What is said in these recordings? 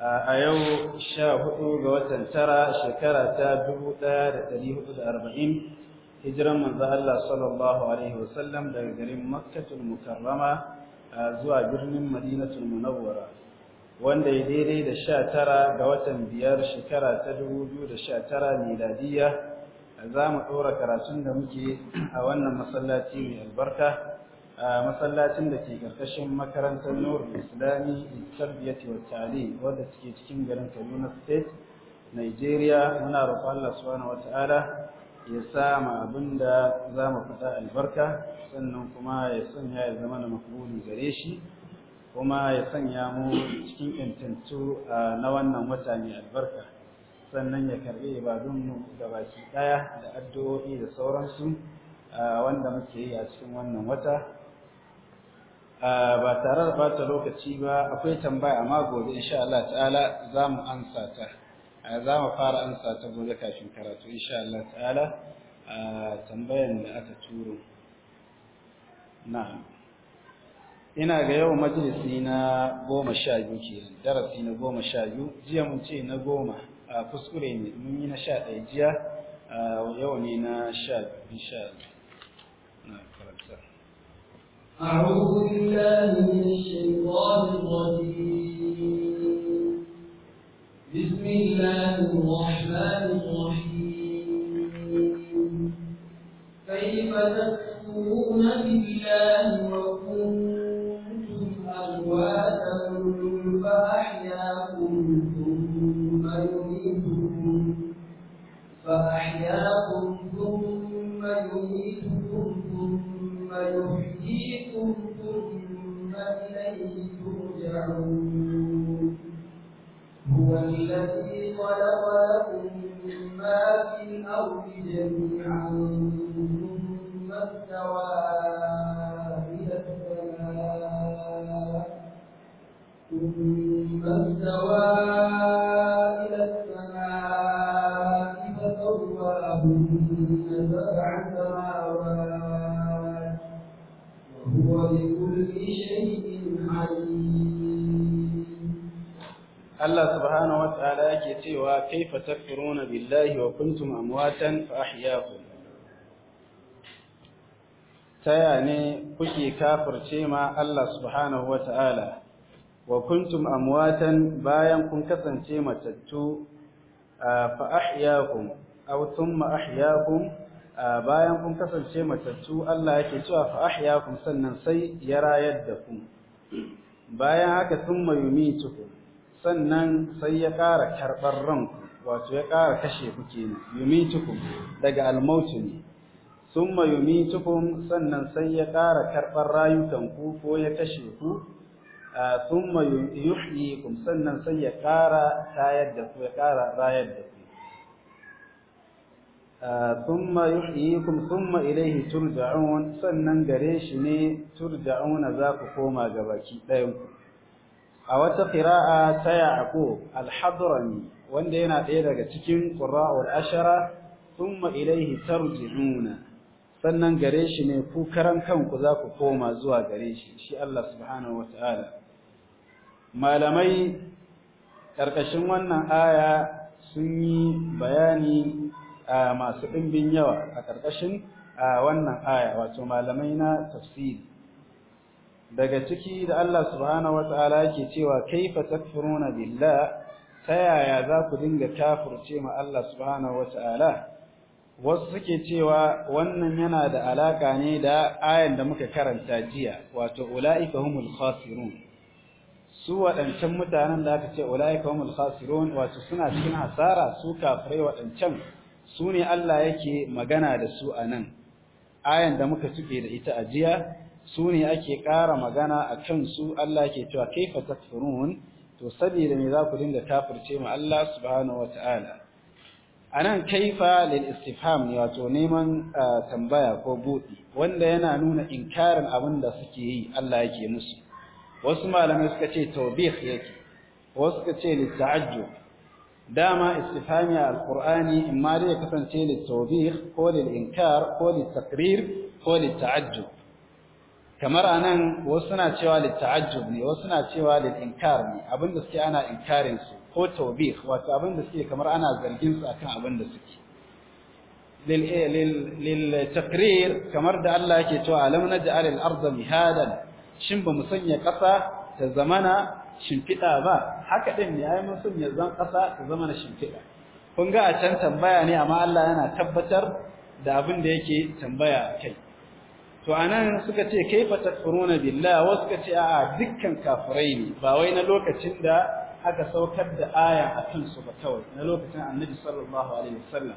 a yau sha hudu ga watan tara shekara ta dubu ɗaya da dari hudu da arba'in hijiran manzo Allah sallallahu alaihi wasallam daga garin makkatul mukarrama zuwa birnin madinatul munawwara wanda ya daidai da sha tara ga watan biyar shekara ta dubu biyu da sha tara miladiya za mu ɗora karatun da muke a wannan masallaci mai albarka a masallacin da ke karkashin makarantar nur islami tarbiyyati wa ta'lim wadda suke cikin garin kaduna state nigeria muna roƙon allah subhanahu wataala ya sa ma abin da za mu fita albarka sannan kuma ya sanya ya zama na makbuli gare shi kuma ya sanya mu cikin intantu na wannan wata mai albarka sannan ya karɓi ibadunmu da baki ɗaya da addu'o'i da sauransu wanda muke yi a cikin wannan wata Ah, ba tare da bata lokaci ba akwai tambaya amma gobe insha Allah ta'ala za mu ansa ta ah, za mu fara ansa ta gobe kafin karatu insha Allah ta'ala ah, tambayan da aka turo na ina ga yau majalisi na goma sha biyu ke, darasi na goma sha biyu jiya mun ce na goma kuskure ne mun yi na sha ɗaya jiya yau ne na sha biyu insha أعوذ بالله من الشيطان الرجيم بسم الله الرحمن الرحيم كيف تكفرون بالله وكنتم أمواتا فأحياكم ثم يميتكم فأحياكم خلق لكم ما في الأرض جميعا ثم استوى إلى السماء ثم استوى إلى السماء فسواهن Allah subhanahu wata'ala yake cewa kaifa takfuruna billahi wa kuntum amwatan fa ahyaakum taya ne kuke kafirce ma Allah subhanahu wata'ala wa kuntum amwatan bayan kun kasance matattu fa ahyaakum aw thumma ahyaakum bayan kun kasance matattu Allah yake cewa fa ahyaakum sannan sai ya rayar da ku bayan haka thumma yumitukum sannan sai ya ƙara karɓar ranku wato ya ƙara kashe ku kenan yumitukum daga sun ne yumi yumitukum sannan sai ya ƙara karɓar rayukanku ko ya kashe ku sun ma summa kum sannan sai ya ƙara tayar da ku ya ƙara rayar da ku sun ma ثم sun ma ilaihi turja'un sannan gare shi ne turja'una za ku koma gabaki ku. a wata qira'a ta Yaqub al-Hadrami wanda yana ɗaya daga cikin ƙura'ul ashara thumma ilayhi tarji'una sannan gare shi ne ku karan kanku za ku koma zuwa gare shi shi Allah subhanahu wataala malamai ƙarƙashin wannan aya sun yi bayani masu ɗimbin yawa a ƙarƙashin wannan aya wato malamai na tafsiri daga ciki da Allah subhanahu wataala yake cewa kaifa takfuruna billah ta yaya za ku dinga kafirce ma Allah subhanahu wataala wasu suke cewa wannan yana da alaka ne da ayan da muka karanta jiya wato ulaika humul khasirun su waɗancan mutanen da aka ce ulaika humul khasirun wato suna cikin hasara su kafirai waɗancan su ne Allah yake magana da su anan ayan da muka tuke da ita a jiya su ne ake ƙara magana a kansu Allah ke cewa kaifa takfurun to saboda me za ku dinga kafirce ma Allah subhanahu wata'ala anan kaifa lil istifham ne wato neman tambaya ko buɗi wanda yana nuna inkarin abin da suke yi Allah yake musu wasu malamai suka ce tawbih yake wasu suka ce litta'ajjub dama istifhami a alqur'ani imma dai ya kasance littawbih ko lil inkar ko lit ko lit kamar anan wasu suna cewa litta'ajjub ne wasu suna cewa lil'inkar ne abinda suke ana inkarin su ko tawbih wato abinda suke kamar ana zargin su akan abinda suke lil eh, kamar da Allah yake cewa alam naj'al al-ardha mihadan shin ba mu sanya kasa ta zamana shimfiɗa ba haka ɗin ne ai mun sanya zan kasa ta zamana shimfiɗa. kun ga a can tambaya ne amma Allah yana tabbatar da abin da yake tambaya kai to anan suka ce kaifa takfuruna billa wasu suka ce a'a dukkan kafirai ne ba wai na lokacin da aka saukar da aya a kan su ba kawai na lokacin annabi sallallahu alaihi wasallam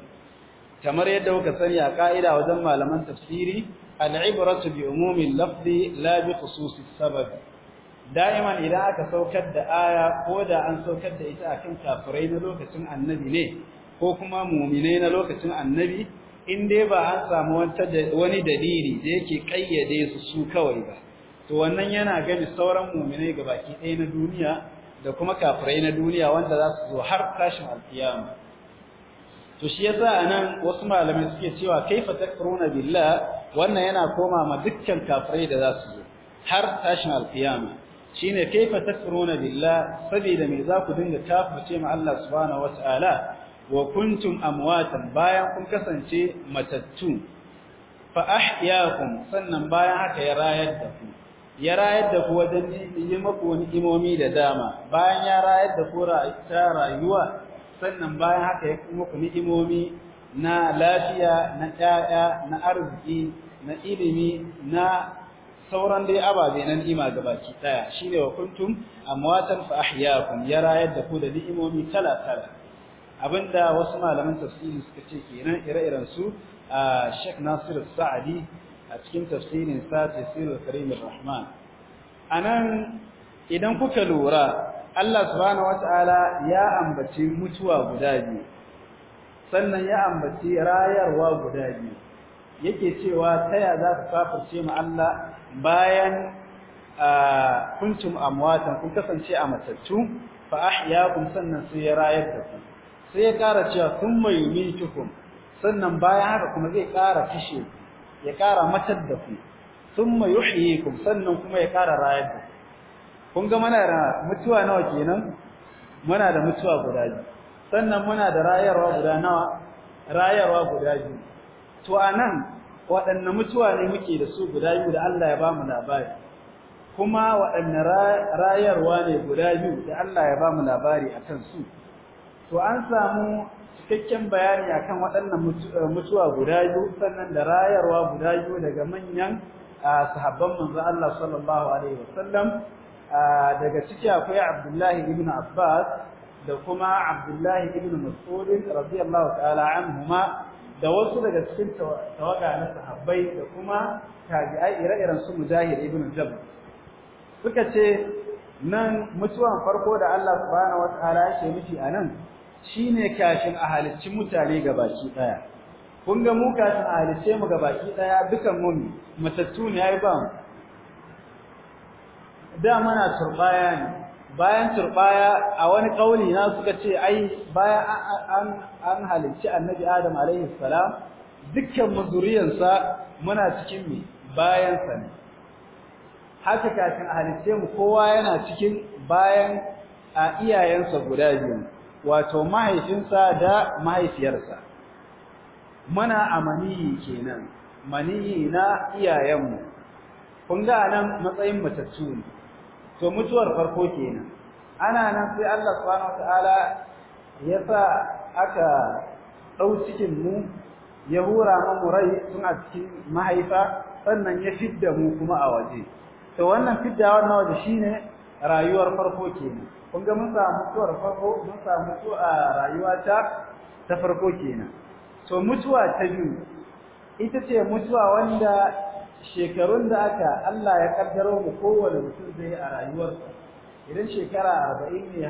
kamar yadda kuka sani a ka'ida wajen malaman tafsiri al'ibratu bi umumi lafzi la bi khususi sabab da'iman idan aka saukar da aya ko da an saukar da ita akan kafirai na lokacin annabi ne ko kuma mu'minai na lokacin annabi in dai ba an samu wani dalili da yake kayyade su su kawai ba to wannan yana gani sauran mu'minai ga baki ɗaya na duniya da kuma kafirai na duniya wanda za su zo har tashin alkiyama to shi yasa anan wasu malamai suke cewa kaifa takfuruna billah wannan yana koma ma dukkan kafirai da za su zo har tashin alkiyama shine kaifa takfuruna billah saboda me za ku dinga kafirce ma Allah subhanahu wataala wa kuntum amwatan bayan kun kasance matattu fa ahyaakum sannan bayan haka ya rayar da ku ya rayar da ku wajen yi maku wani imomi da dama bayan ya rayar da ku ta rayuwa sannan bayan haka ya ku ni'imomi na lafiya na ƴaƴa na arziki na ilimi na sauran dai ababe na ni'ima gabaki daya shine wa kuntum amwatan fa ahyaakum ya rayar da ku da ni'imomi tala tala abinda wasu malaman tafsiri suka ce kenan ire-iren su a Sheikh Nasir Sa'adi a cikin tafsirin sa Tafsirul Karim Rahman anan idan kuka lura Allah subhanahu wataala ya ambaci mutuwa guda biyu sannan ya ambaci rayarwa guda biyu yake cewa taya za ka kafirce mu Allah bayan kuntum amwatan kun kasance a matattu fa ahyaakum sannan sai ya rayar da ku sai ya ƙara cewa mai thumma cikin sannan bayan haka kuma zai ƙara fishe ya ƙara matar da ku sun mai yi yuhyikum sannan kuma ya ƙara rayar da ku. kun ga mana da mutuwa nawa kenan muna da mutuwa guda biyu sannan muna da rayarwa guda nawa rayarwa guda biyu to anan waɗanne mutuwa ne muke da su guda biyu da Allah ya ba mu labari kuma waɗanne rayarwa ne guda biyu da Allah ya ba mu labari akan su to an samu cikakken bayani akan waɗannan eh, mutuwa guda biyu sannan da rayarwa guda biyu daga manyan ah, sahabban manzo Allah sallallahu alaihi wasallam ah, daga ciki akwai Abdullahi ibn Abbas da kuma Abdullahi ibn Mas'ud radiyallahu ta'ala anhuma da wasu daga cikin tawaga na sahabbai da kuma tabi'ai ire-iren su Mujahid ibn Jabr suka ce nan mutuwan farko da Allah subhanahu wa ta'ala ya ce miki anan Shi ne kashin a halicci mutane gabaki ɗaya. kun ga mu kashin a halicce mu gabaki ɗaya dukan mu matattu ne ai ba mu da mana turbaya ne bayan turbaya a wani kauli na suka ce ai bayan an an halicci annabi adam alaihi salam dukkan mazuriyansa muna cikin me bayan sa ne haka kafin a halicce mu kowa yana cikin bayan a iyayensa guda biyu wato mahaifinsa da mahaifiyarsa mana amaniyi kenan maniyi na iyayenmu kun ga nan matsayin matattu ne to mutuwar farko kenan ana nan sai Allah subhanahu wataala ya sa aka ɗau cikin mu ya hura mu rai tun a cikin mahaifa sannan ya fidda mu kuma a waje to wannan fiddawar na waje shine rayuwar farko kenan kun ga mun samu mutuwar farko mun samu mutuwa a rayuwa ta ta farko kenan to mutuwa ta biyu ita ce mutuwa wanda shekarun da aka Allah ya kaddaro mu kowane mutum zai a rayuwarsa idan shekara 40 ne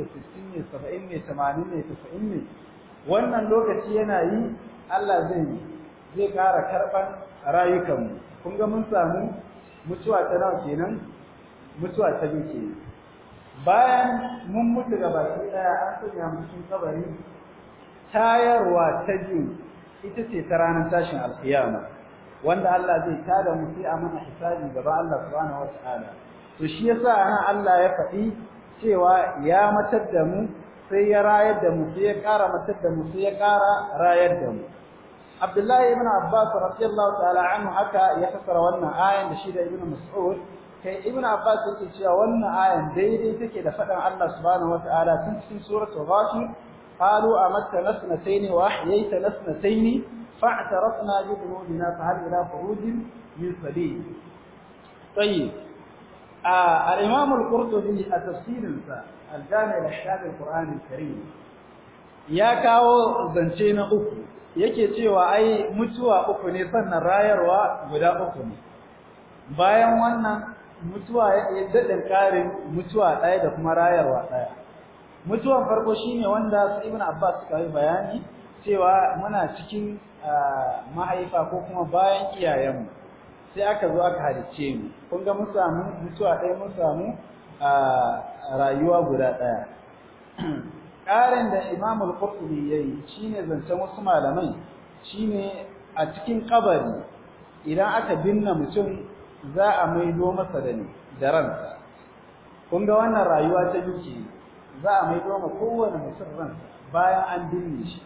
50 ne 60 ne 70 ne 80 ne 90 ne wannan lokaci yana yi Allah zai zai kara karban rayukanmu kun ga mun samu mutuwa ta nawa kenan mutuwa ta biyu ke bayan mun mutu gaba ɗaya an sanya mu cikin kabari tayarwa ta biyu ita ce ta ranar tashin alkiyama wanda Allah zai tada mu sai a mana hisabi gaba Allah subhanahu wataala to shi yasa ana Allah ya faɗi cewa ya matar da mu sai ya rayar da mu sai ya ƙara matar da mu sai ya ƙara rayar da mu Abdullahi ibn Abbas radiyallahu ta'ala anhu haka ya fasara wannan ayan da shi da Ibn Mas'ud kai ibn abbas yake cewa wannan ayan daidai take da fadan Allah subhanahu wataala tun cikin suratul ghafir qalu amatta nasnatayn wa ahyayta nasnatayn fa'tarafna bi dhunubina fa hal ila khurujin min sabil tayyib al-imam al-qurtubi a tafsirinsa al-jami' al-shab al-quran al-karim ya kawo zance na uku yake cewa ai mutuwa uku ne sannan rayarwa guda uku ne bayan wannan mutuwa ya daɗin ƙarin mutuwa ɗaya da kuma rayarwa ɗaya mutuwan farko shine wanda su ibn abbas suka yi bayani cewa muna cikin mahaifa ko kuma bayan iyayenmu sai aka zo aka halice mu kun ga mun samu mutuwa ɗaya mun samu rayuwa guda ɗaya ƙarin da imam al-qurtubi yayi shine zancen wasu malamai shine a cikin kabari idan aka binne mutum za a maido masa da ne da ransa kun ga wannan rayuwa ta duki za a maido ma kowane mutum ransa bayan an binne shi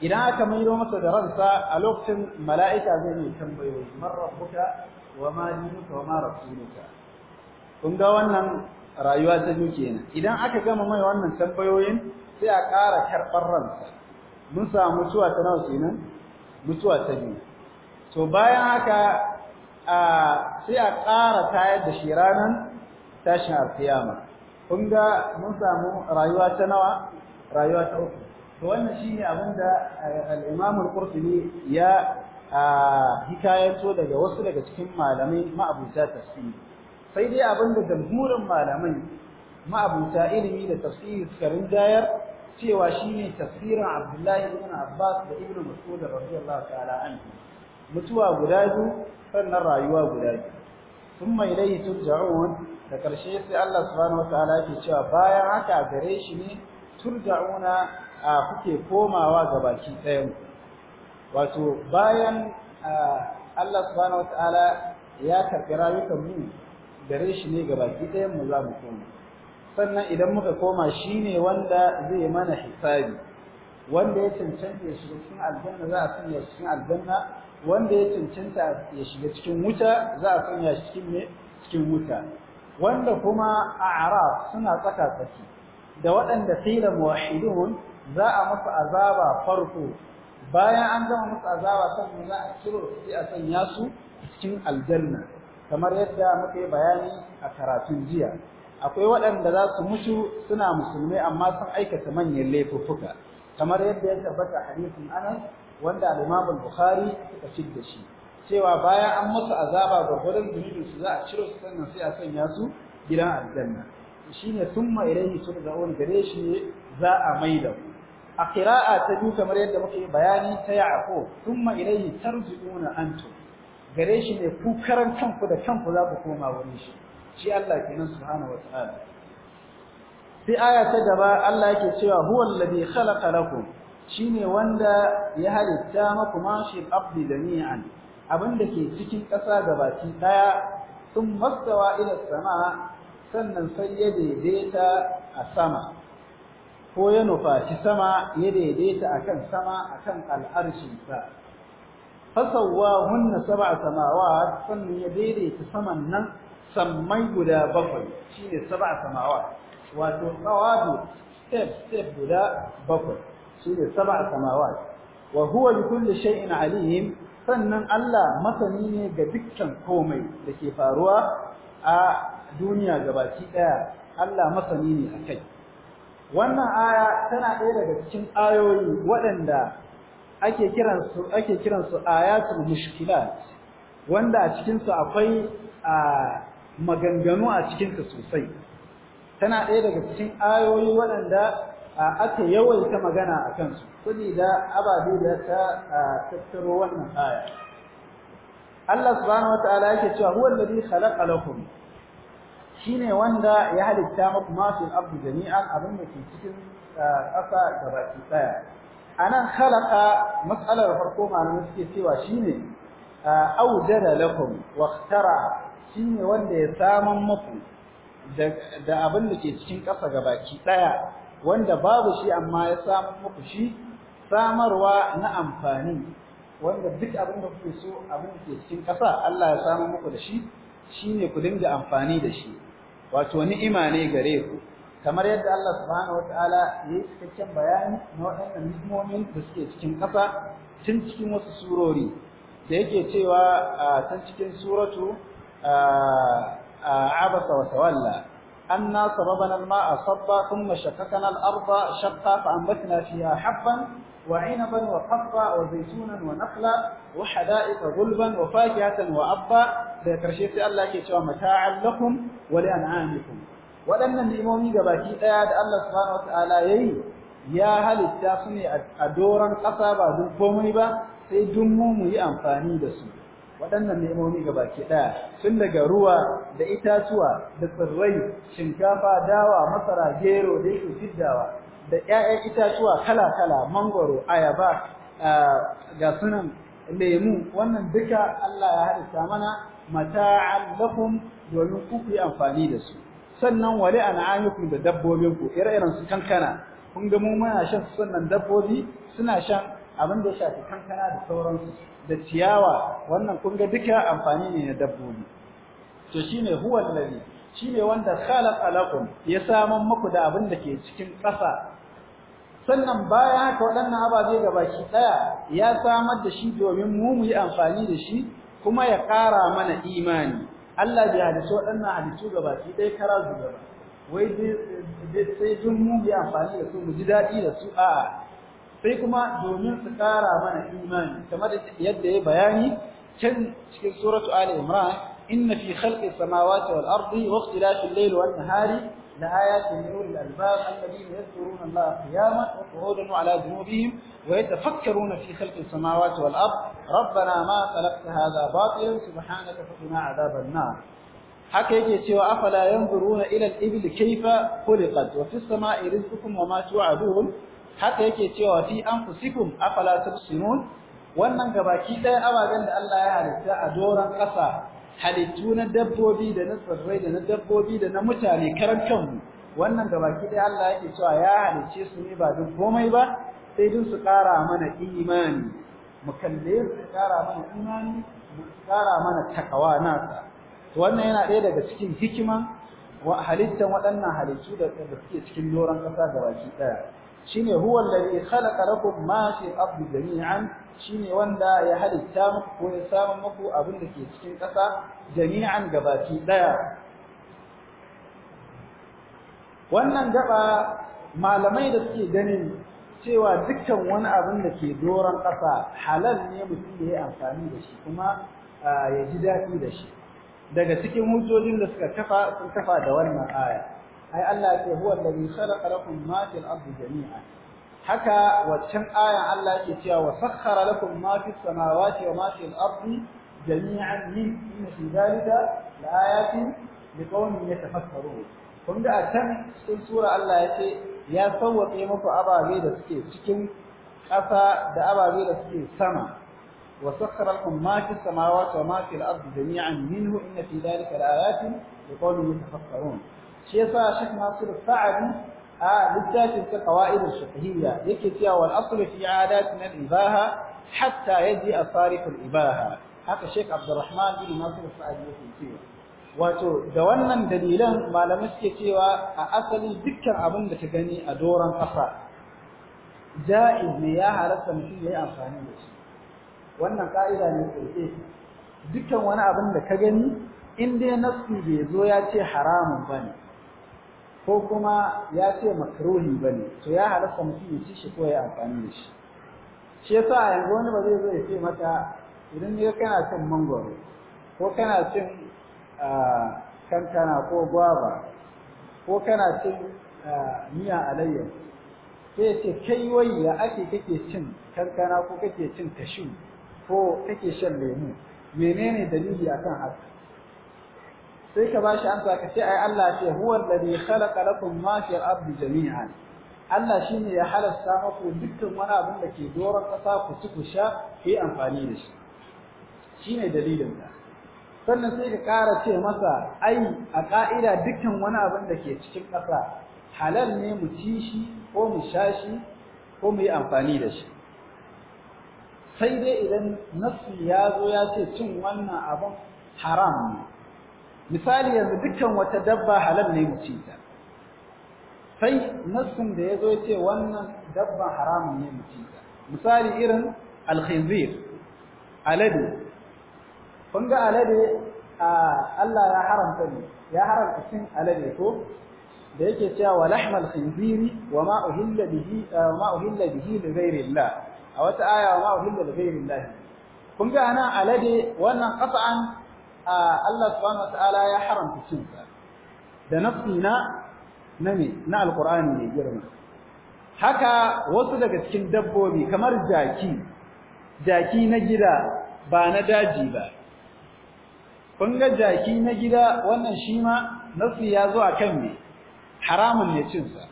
idan aka maido masa da ransa a lokacin mala'ika zai ne tambayoyi man rabbuka wa ma dinuka wa ma rasuluka kun ga wannan rayuwa ta biyu ne idan aka gama mai wannan tambayoyin sai a ƙara karɓar ransa mun samu mutuwa ta nawa kenan mutuwa ta biyu to bayan haka a sai a ƙara tayar da shi ranar tashin alkiyama kun ga mun samu rayuwa ta nawa rayuwa ta uku to wannan ne abin da eh, al-Imam al ya hikayato daga wasu daga cikin malamai ma'abuta tafsiri sai dai abin da jamhurin malamai ma'abuta ilimi da tafsiri suka rinjayar cewa shine tafsirin Abdullahi ibn Abbas da Ibn Mas'ud radiyallahu ta'ala mutuwa guda biyu sannan rayuwa guda biyu mai thumma tun ja'un da ƙarshe sai Allah subhanahu wataala ke cewa bayan haka gare shi ne ja'una a kuke komawa ga baki ɗayan wato bayan Allah subhanahu wataala ya karɓi rayukan mu gare shi ne ga baki ɗayanmu za mu koma sannan idan muka koma shi ne wanda zai mana hisabi wanda ya cancanta ya shiga cikin aljanna za a sanya cikin aljanna wanda ya cancanta ya shiga cikin wuta za a sanya shi cikin me cikin wuta wanda kuma a'raf suna tsaka tsaki da waɗanda qila muwahhidun za a musu azaba farko bayan an gama musu azaba sannan za a ciro sai a sanya su cikin aljanna kamar yadda muka yi bayani a karatun jiya akwai waɗanda za su mutu suna musulmai amma sun aikata manyan laifuffuka kamar yadda ya tabbata hadisin Anas wanda al-Imam al-Bukhari suka da shi cewa bayan an musu azaba gurgurdan zunubin su za a ciro su sannan sai a sanya su gidan aljanna shine thumma ilayhi turja'un gare shi za a maida a qira'a ta biyu kamar yadda muka yi bayani ta Yaqub thumma ilayhi tarji'una antum gare shi ne ku karan kanku da kanku za ku koma wurin shi shi Allah kenan subhanahu wataala sai aya ta gaba Allah yake cewa huwal ladhi khalaqa lakum shine wanda ya halitta maku mashin abdi Abin da ke cikin ƙasa gabaki ɗaya sun mastawa ila sama sannan sai ya daidaita a sama ko ya nufaci sama ya daidaita akan sama akan al'arshinsa fasawa hunna sab'a samawat sannan ya daidaita saman nan sammai guda bakwai shine sab'a samawat wato qawadu step step guda bakwai shine sab'a samawat wa huwa bi kulli shay'in alim sannan Allah masani ne ga dukkan komai da ke faruwa a duniya gabaki daya Allah masani ne akai wannan aya tana ɗaya daga cikin ayoyi waɗanda ake kiran su ake kiran su ayatul mushkilat wanda a cikin su akwai a maganganu a cikin su sosai tana ɗaya daga cikin ayoyi waɗanda aka yawaita magana a kansu saboda ababe da ta tattaro wannan aya Allah subhanahu wataala yake cewa huwa alladhi khalaqa lakum shine wanda ya halitta muku ma fil ardi jami'an abin da ke cikin ƙasa gabaki daya anan khalaqa mas'alar farko malamin suke cewa shine awjada lakum wa ikhtara shine wanda ya saman muku da abin da ke cikin ƙasa gabaki daya wanda babu shi amma ya samu muku shi samarwa na amfani wanda duk abin da kuke so abin da ke cikin ƙasa Allah ya samu muku da shi shine ku dinga amfani da shi wato ni'ima ne gare ku kamar yadda Allah subhanahu wataala ya yi cikakken bayani na waɗannan ni'imomin da suke cikin ƙasa tun cikin wasu surori da yake cewa a cikin suratu a abasa wa tawalla أنا صببنا الماء صبا ثم شققنا الأرض شقا فأنبتنا فيها حبا وعنبا وقفا وزيتونا ونخلا وحدائق غلبا وفاكهة وأبا ذكرشيت الله كيتوا متاعا لكم ولأنعامكم waɗannan ni'imomi gabaki ɗaya da Allah subhanahu wataala yayi ya halitta su ne a doron ƙasa ba dun komai ba sai dun mu mu yi amfani da su waɗannan ne'imomi ga baki ɗaya tun daga ruwa da itatuwa da tsirrai shinkafa dawa masara gero da yake fiddawa da ƴaƴan itatuwa kala-kala mangoro ayaba ga sunan lemu wannan duka Allah ya halitta mana mata'an lakum domin ku yi amfani da su sannan wali an'amikum da dabbobin ku, ire-iren su kankana kun ga mu muna shan sannan dabbobi suna shan abin da ya shafi kankana da sauransu da ciyawa wannan kun ga duka amfani ne na dabbobi to shine huwa allazi shine wanda khalaqa lakum ya saman muku da abin da ke cikin ƙasa sannan baya haka waɗannan ababe baki daya ya samar da shi domin mu mu yi amfani da shi kuma ya ƙara mana imani Allah hadisi halitta waɗannan halittu gabaki ɗaya kara zuwa wai sai dun mu yi amfani da su mu ji daɗi da su a'a sai kuma domin su kara mana imani kamar yadda ya bayani can cikin suratu ali imran inna fi khalqi samawati wal ardi wa ikhtilafi al layli wan nahari la'ayatun lil albab alladhina yadhkuruna allaha qiyaman wa qu'udan ala junubihim wa yatafakkaruna fi khalqi samawati wal ardi rabbana ma khalaqta hadha batilan subhanaka faqina adhaban nar haka yake cewa afala yanzuruna ila al-ibli kayfa khuliqat wa fis samai rizqukum wa ma tu'adun haka yake cewa fi anfusikum afala tubsirun wannan gabaki ɗaya ababen da Allah ya halitta a doron ƙasa halittu na dabbobi da na tsirrai da na dabbobi da na mutane karan kanmu wannan gabaki ɗaya Allah yake cewa ya halicce su ne ba duk komai ba sai dun su ƙara mana imani mu kalle su ƙara mana imani mu ƙara mana takawa nasa to wannan yana ɗaya daga cikin hikima wa halittan waɗannan halittu da suke cikin doron ƙasa gabaki ɗaya shine huwa alladhi khalaqa lakum ma fi al-ardi jami'an shine wanda ya halitta muku ko ya samu muku abin da ke cikin ƙasa jami'an gabaki daya wannan gaba malamai da suke ganin cewa dukkan wani abin da ke doron ƙasa halal ne mutum ya yi amfani da shi kuma ah, ya ji daɗi da shi daga cikin hujjojin da suka kafa sun kafa da wannan aya أي الله هو الذي خلق لكم ما في الأرض جميعا حكى وكم آية الله يتيا وسخر لكم ما في السماوات وما في الأرض جميعا من إن في ذلك لآيات لقوم يتفكرون كم دعا كم سورة الله يتي يا سوى قيمك أبا غير سكي سكين أفا دعا غير سكي سما وسخر لكم ما في السماوات وما في الأرض جميعا منه إن في ذلك لآيات لقوم يتفكرون shi yasa Sheikh Nasir Sa'adi a littafin sa qawaid al-fiqhiyya yake cewa wal aslu fi adatina al-ibaha hatta yaji asarif al-ibaha haka Sheikh Abdurrahman bin Nasir Sa'adi yake cewa wato da wannan dalilan malamai suke cewa a asali dukkan abin da ka gani a doron ƙasa ja'iz ne ya halatta mutum ya yi amfani da shi wannan ka'ida ne tsaye dukkan wani abin da ka gani in dai nassi bai zo ya ce haramun ba ne. ko kuma ya ce ba ne, to ya halatta mutum ya ci shi ko ya amfani da shi shi yasa a yanzu wani ba zai zo ya ce maka idan ne kana cin mangoro ko kana cin ah, kankana ko gwaba ko kana cin ah, miya alayya sai ce kai wai ya ake kake cin kankana ko kake cin kashu ko kake shan lemu menene dalili akan haka sai ka ba shi amsa ka ce ai Allah ce huwa alladhi khalaqa lakum ma fi al-ardi jami'an Allah shine ya halasta muku dukkan wani abin da ke doron kasa ku ci ku sha ku yi amfani da shi shine dalilin ta. sannan sai ka ƙara ce masa ai a ƙa'ida dukkan wani abin da ke cikin ƙasa halal ne mu ci shi ko mu sha shi ko mu yi amfani da shi sai dai idan nasu ya zo ya ce cin wannan abin haram ne misali yanzu dukkan wata dabba halal ne mu ta sai nassin da yazo yace wannan dabba haramun ne mu ta misali irin al-khinzir alade kun ga alade Allah ya haramta ne ya haramta cin alade ko da yake cewa wa lahmal khinziri wa ma uhilla bihi ma uhilla bihi li ghairi Allah a wata aya wa ma uhilla li ghairi Allah kun ga ana alade wannan qat'an Allah subhanahu wataala ya haramta cin sa da nafsi na na me na alqur'ani ne girma haka wasu daga cikin dabbobi kamar jaki jaki na gida ba na daji ba kun ga jaki na gida wannan shi ma nafsi ya zo akan me haramun ne cin sa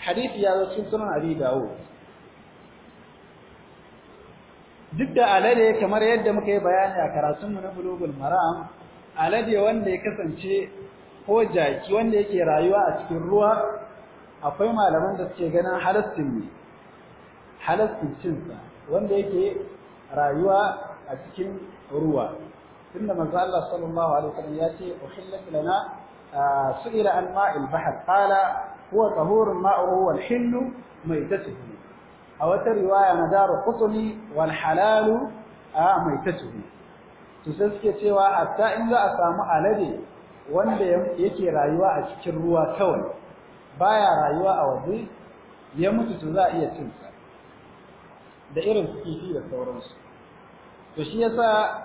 hadisi ya zo cikin sunan abi dawud duk da alade kamar yadda muka yi bayani a karatunmu na bulugul maram alade wanda ya kasance ko jaki wanda yake rayuwa a cikin ruwa akwai malaman da suke ganin halastin ne halastin cinsa wanda yake rayuwa a cikin ruwa tunda manzo Allah sallallahu alaihi wasallam ya ce uhillat lana su'ila an ma'il bahr qala huwa tahurun ma'uhu wal hillu maitatuhu a wata riwaya na daru qutni wal halalu a maitatuhu to sai suke cewa hatta in za a samu alade wanda yake rayuwa a cikin ruwa kawai baya rayuwa a waje ya mutu to za a iya cin sa da irin kifi da sauransu to shi yasa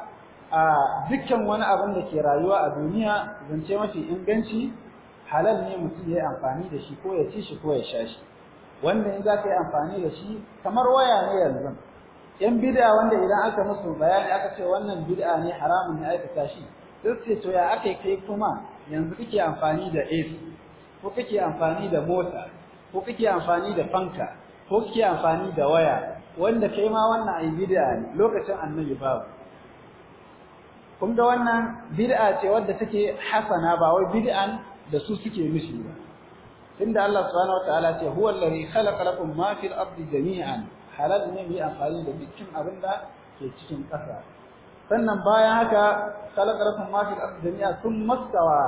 a dukkan wani abin da ke rayuwa a duniya zance mafi inganci halal ne mutum ya amfani da shi ko ya ci shi ko ya sha shi wanda in za ka yi amfani da shi kamar waya ne yanzu yan bid'a wanda idan aka musu bayani aka ce wannan bid'a ne haramun ne aikata shi sai ce to ya aka kai kuma yanzu kake amfani da AC ko kake amfani da mota ko kake amfani da fanka ko kake amfani da waya wanda kai ma wannan ai bid'a ne lokacin annabi babu kun ga wannan bid'a ce wadda take hasana ba wai bid'an da su suke mishi ba tunda Allah subhanahu wataala ce huwa allazi khalaqa lakum ma fil ardi jami'an halal ne mai amfani da dukkan abin da ke cikin ƙasa sannan bayan haka khalaqa lakum ma fil ardi jami'an thumma stawa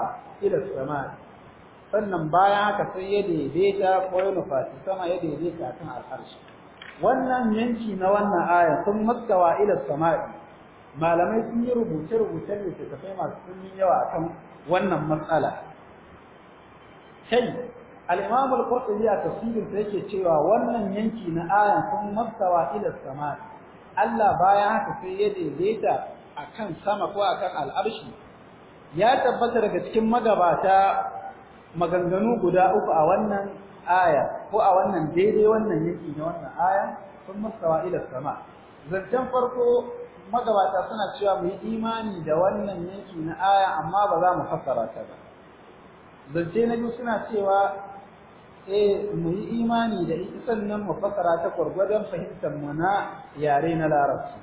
ila as-sama' sannan bayan haka sai ya daidaita ko koyon fasi sama ya daidaita akan al'arshi wannan yanki na wannan aya sun maskawa ila sama'i malamai sun yi rubuce-rubucen rubuce littattafai masu sun yawa akan wannan matsala kai al-imam al-qurtubi a tafsirin sa yake cewa wannan yanki na ayan kun mastawa ila sama Allah baya haka sai ya daidaita akan sama ko akan al-arshi ya tabbata daga cikin magabata maganganu guda uku a wannan aya ko a wannan daidai wannan yanki na wannan aya sun mastawa ila sama zancen farko magabata suna cewa mu yi imani da wannan yanki na aya amma ba za mu fassara ta ba zance na biyu suna cewa eh mu yi imani da ita sannan mu fasara ta gwargwadon fahimtar mu na yare na larabci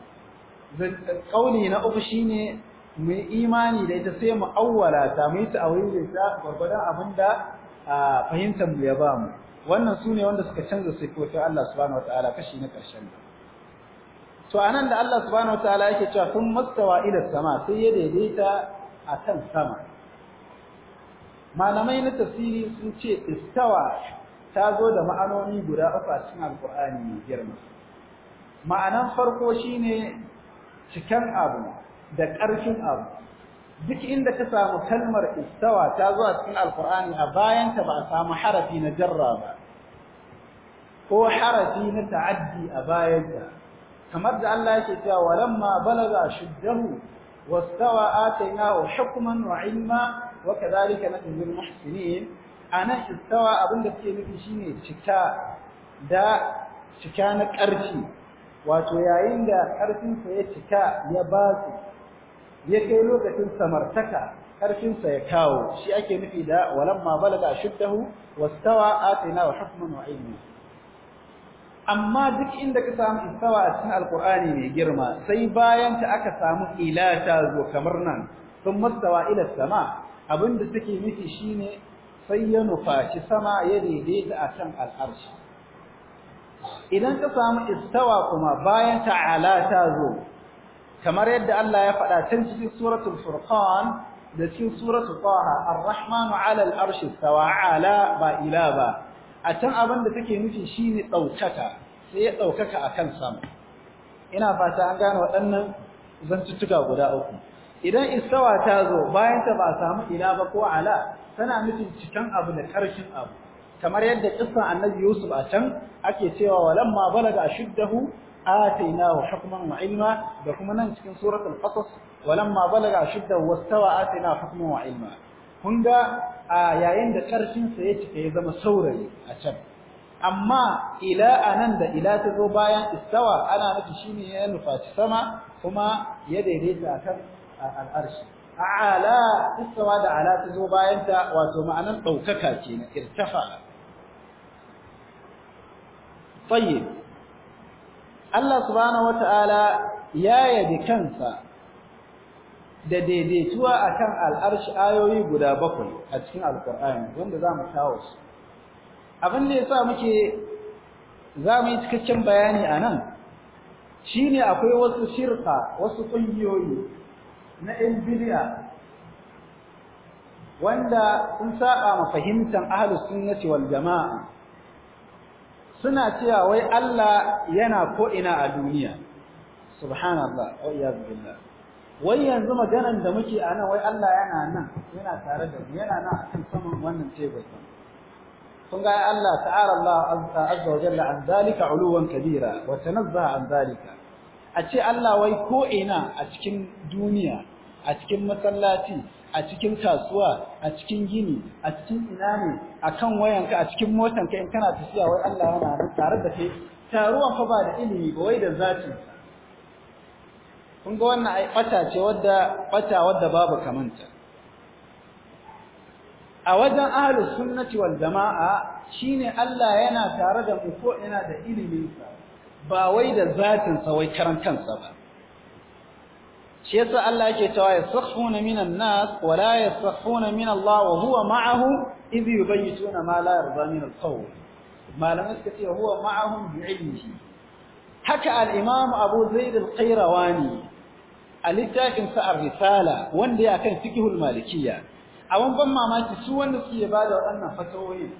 kauli na uku shine mu yi imani da ita sai mu awwala ta mu yi ta'awili ta gwargwadon abinda fahimtar mu ya ba mu wannan sune wanda suka canza sifofin Allah subhanahu wataala kashi na karshen to anan da Allah subhanahu wataala yake cewa kun mastawa ila sama sai ya daidaita akan sama malamai na tafsiri sun ce istawa ta zo da ma'anoni guda uku a cikin Alƙur'ani mai girma ma'anan farko shine cikan abu da ƙarfin abu duk inda ka samu kalmar istawa ta zo a cikin Alƙur'ani, a bayan ta ba a samu harafi na jarra ba ko harafi na ta'addi a bayanta kamar da Allah yake cewa walamma balaga shuddahu wastawa atainahu hukman wa ilma wa kadhalika najzil muhsinin anan istawa abinda suke nufi shine cika da cika na ƙarfi wato yayin da ƙarfinsa ya cika ya ba ya kai lokacin samartaka ƙarfinsa ya kawo shi ake nufi da walamma balaga ashuddahu wastawa atina wa hukman wa ilmi amma duk inda ka samu istawa a cikin alqur'ani mai girma sai bayan ta aka samu ilata zo kamar nan sun mastawa ila sama abin da take nufi shine sai ya nufaci sama ya daidaita a kan al'arshi idan ka samu istawa kuma bayan ta'ala ta zo kamar yadda Allah ya faɗa can cikin suratul furqan da cikin suratul taha ar rahman 'ala al-arshi istawa 'ala ba ila ba a can abin da take nufi shine daukaka sai ya daukaka akan sama ina fata an gane waɗannan zantuttuka guda uku idan istawa ta zo bayan ta ba samu ila ba ko ala tana nufin cikan abu da karshen abu kamar yadda kissan annabi Yusuf a can ake cewa walamma balaga ashuddahu atainahu hukman wa ilma da kuma nan cikin suratul qasas walamma balaga ashuddahu wastawa atainahu hukman wa ilma kun ga yayin da karshen sa ya cika ya zama saurayi a can amma ila anan da ila ta zo bayan istawa ana nufi shine ya nufaci sama kuma ya daidaita akan al'arshi a'ala istawa da ala ta zo bayan ta wato ma'anar daukaka na irtafa tayyib Allah subhanahu wata'ala ya yabi kansa da daidaituwa akan al'arshi ayoyi guda bakwai a cikin alqur'ani wanda zamu kawo su abin da yasa muke zamu yi cikakken bayani anan shine akwai wasu shirka wasu ƙungiyoyi. na injiniya, wanda sun saba ma fahimtar ahalus sunnati wal jama'a suna cewa wai Allah yana ko ina a duniya subhanallah wa iyazu billah wai yanzu maganar da muke a nan wai Allah yana nan yana tare da mu yana nan akan saman wannan tebur kun ga Allah ta'ala Allah azza wa jalla an zalika uluwan kabira wa tanazzaha an zalika a ce Allah wai ko ina a cikin duniya a cikin masallaci a cikin kasuwa a cikin gini a cikin ina ne akan wayanka a cikin motanka in kana tafiya wai Allah yana nan tare da kai taruwan fa ba da ilimi ba wai da zati kun ga wannan ai bata ce wadda bata wadda babu kamanta a wajen ahlus sunnati wal jamaa shine Allah yana tare da mu ko yana da ilimin sa ba wai da zatin sa wai karantansa ba shi yasa Allah yake cewa yasakhuna minan nas wa la yasakhuna min Allah wa huwa ma'ahu idh yubayyituna ma la yarda min al-qawl malamai suka ce huwa ma'ahum bi'ilmihi haka al-imam Abu Zaid al-Qayrawani a littafin sa ar-risala wanda ya kan fiqhul malikiyya a ban mamaki su wanda suke bada waɗannan fatawoyi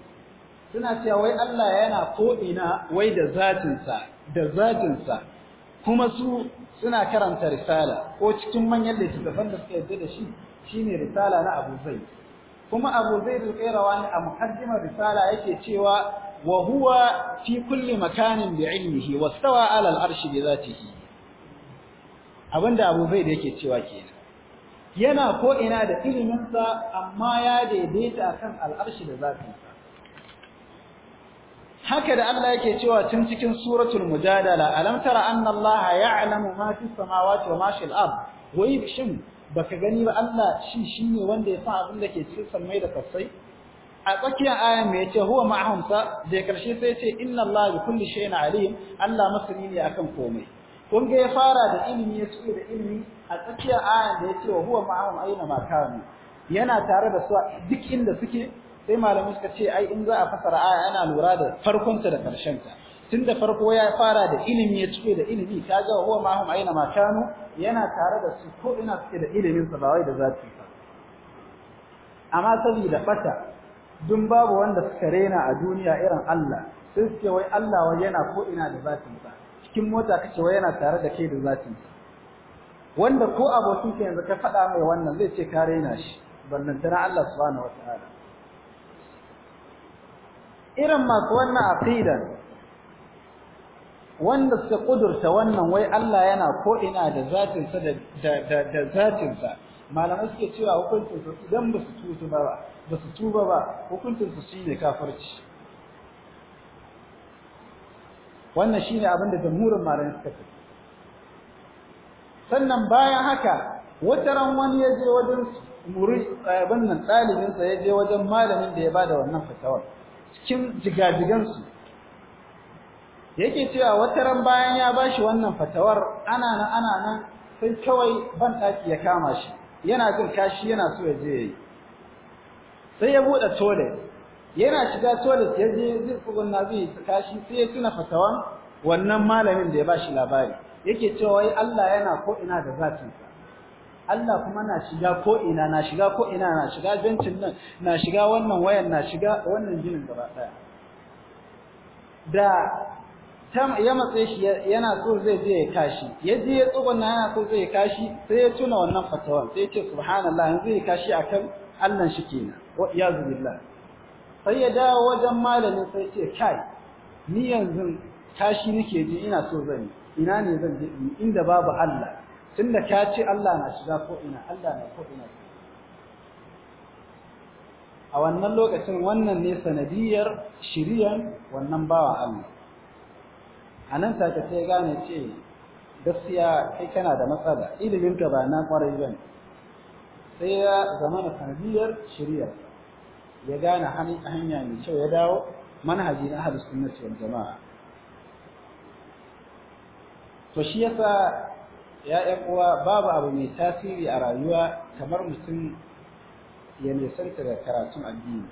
suna cewa wai Allah yana ko ina wai da zatinsa da zatinsa kuma su suna karanta risala ko cikin manyan littattafan da suka yadda da shi shine risala na Abu Zaid kuma Abu Zaid al-Qayrawani a muqaddimar risala yake cewa wa huwa fi kulli makanin bi ilmihi wastawa ala al-arshi bi zatihi abinda Abu Zaid yake cewa kenan yana ko ina da iliminsa amma ya daidaita akan al-arshi da zatinsa haka da Allah yake cewa tun cikin suratul mujadala alam tara anna Allah ya'lamu ma fi samawati wa ma al ard wai shin baka gani ba Allah shi shine wanda ya san abin da ke cikin samai da kasai a tsakiyar ayan mai yace huwa ma'ahum sa da karshe sai yace inna Allah bi kulli shay'in alim Allah masani ne akan komai kun ga ya fara da ilimi ya tsaya da ilimi a tsakiyar ayan da yace huwa ma'ahum aina ma kana yana tare da su duk inda suke sai malamai suka ce ai in za a fasara aya ana lura da farkonta da karshenta tunda farko ya fara da ilimi ya cike da ilimi ta huwa ma hum aina ma kanu yana tare da su ko ina suke da ilimin sa ba wai da zati ba amma saboda bata dun babu wanda suka rena a duniya irin Allah sai suke wai Allah wai yana ko ina da zatin cikin mota kace wai yana tare da kai da zatin wanda ko abokin ka yanzu ka faɗa mai wannan zai ce ka rena shi ballan tana Allah subhanahu wataala irin masu wannan aqidar wanda suka kudurta wannan wai Allah yana ko ina da zatinsa da da sa malamai suke cewa hukuncin su idan ba su tuba ba ba su tuba ba hukuncin su shine kafirci wannan shine abin da jamhurin malamai suka ce sannan bayan haka wataran wani ya je wajen murid eh, abin nan ɗalibinsa ya je wajen malamin da ya bada wannan fatawar cikin jigajigansu yake cewa wata ran bayan ya bashi wannan fatawar ana nan ana nan sai kawai ban daki ya kama shi yana jin kashi yana so ya je yayi sai ya bude toilet yana shiga toilet ya je zai tsugunna zai kashi sai ya tuna fatawan wannan malamin da ya bashi labari yake cewa wai Allah yana ko ina da zatinsa Allah kuma na shiga ko'ina, ina na shiga ko na shiga bencin nan na shiga wannan wayan na shiga wannan jinin gaba daya da ya matse shi yana so zai je ya kashi ya je ya na yana so zai kashi sai ya tuna wannan fatawan sai ya ce subhanallah yanzu ya kashi akan Allah shi kenan wa iyazu billah sai ya dawo wajen malamin sai ya ce kai ni yanzu kashi nake ji ina so zan ina ne zan je inda babu Allah tunda ka ce Allah na shiga ko'ina, Allah na ko'ina a wannan lokacin wannan ne sanadiyar shiriyar wannan bawa Allah a nan take sai gane ce gaskiya kai kana da matsala ilimin ka ba na kwarai bane sai ya zama na sanadiyar shiriya ya gane hanya mai kyau ya dawo manhaji na ahlus sunnati wal jamaa to shi yasa ya ƴan uwa babu abu mai tasiri a rayuwa kamar mutum ya nisanta da karatun addini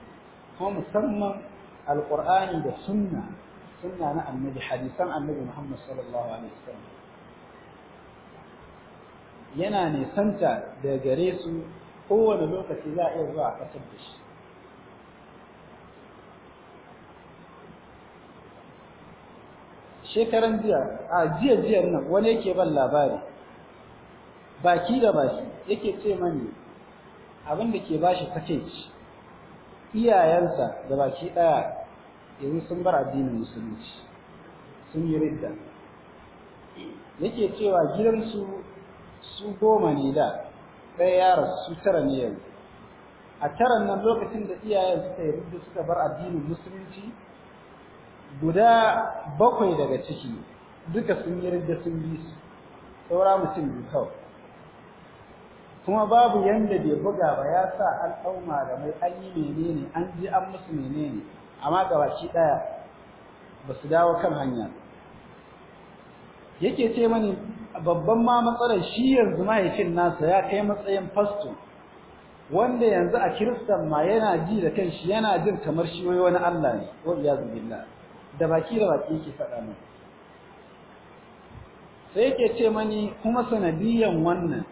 kuma musamman Alƙur'ani da sunna sunna na annabi hadisan annabi Muhammad sallallahu alaihi wasallam yana nisanta da gare su kowane lokaci za a iya zuwa a kasar da shi shekaran jiya a jiya jiya nan wani yake ban labari baki da baki yake ce mani abin da ke bashi package iyayensa da baki daya yanzu sun bar addinin musulunci sun yi ridda yake cewa gidansu su goma ne da ɗaya yara su tara ne yanzu a taran nan lokacin da iyayen suka yi ridda suka bar addinin musulunci guda bakwai daga ciki duka sun yi ridda sun bi su saura mutum biyu kawai kuma babu yanda bai buga ba ya sa an da mai an yi menene an ji an musu menene amma gabashi ɗaya ba su dawo kan hanya yake ce mani babban ma matsalar shi yanzu mahaifin nasa ya kai matsayin fasto wanda yanzu a kiristan ma yana ji da kanshi yana jin kamar shi wai wani Allah ne wa billah da baki da baki yake faɗa mai sai yake ce mani kuma sanadiyan wannan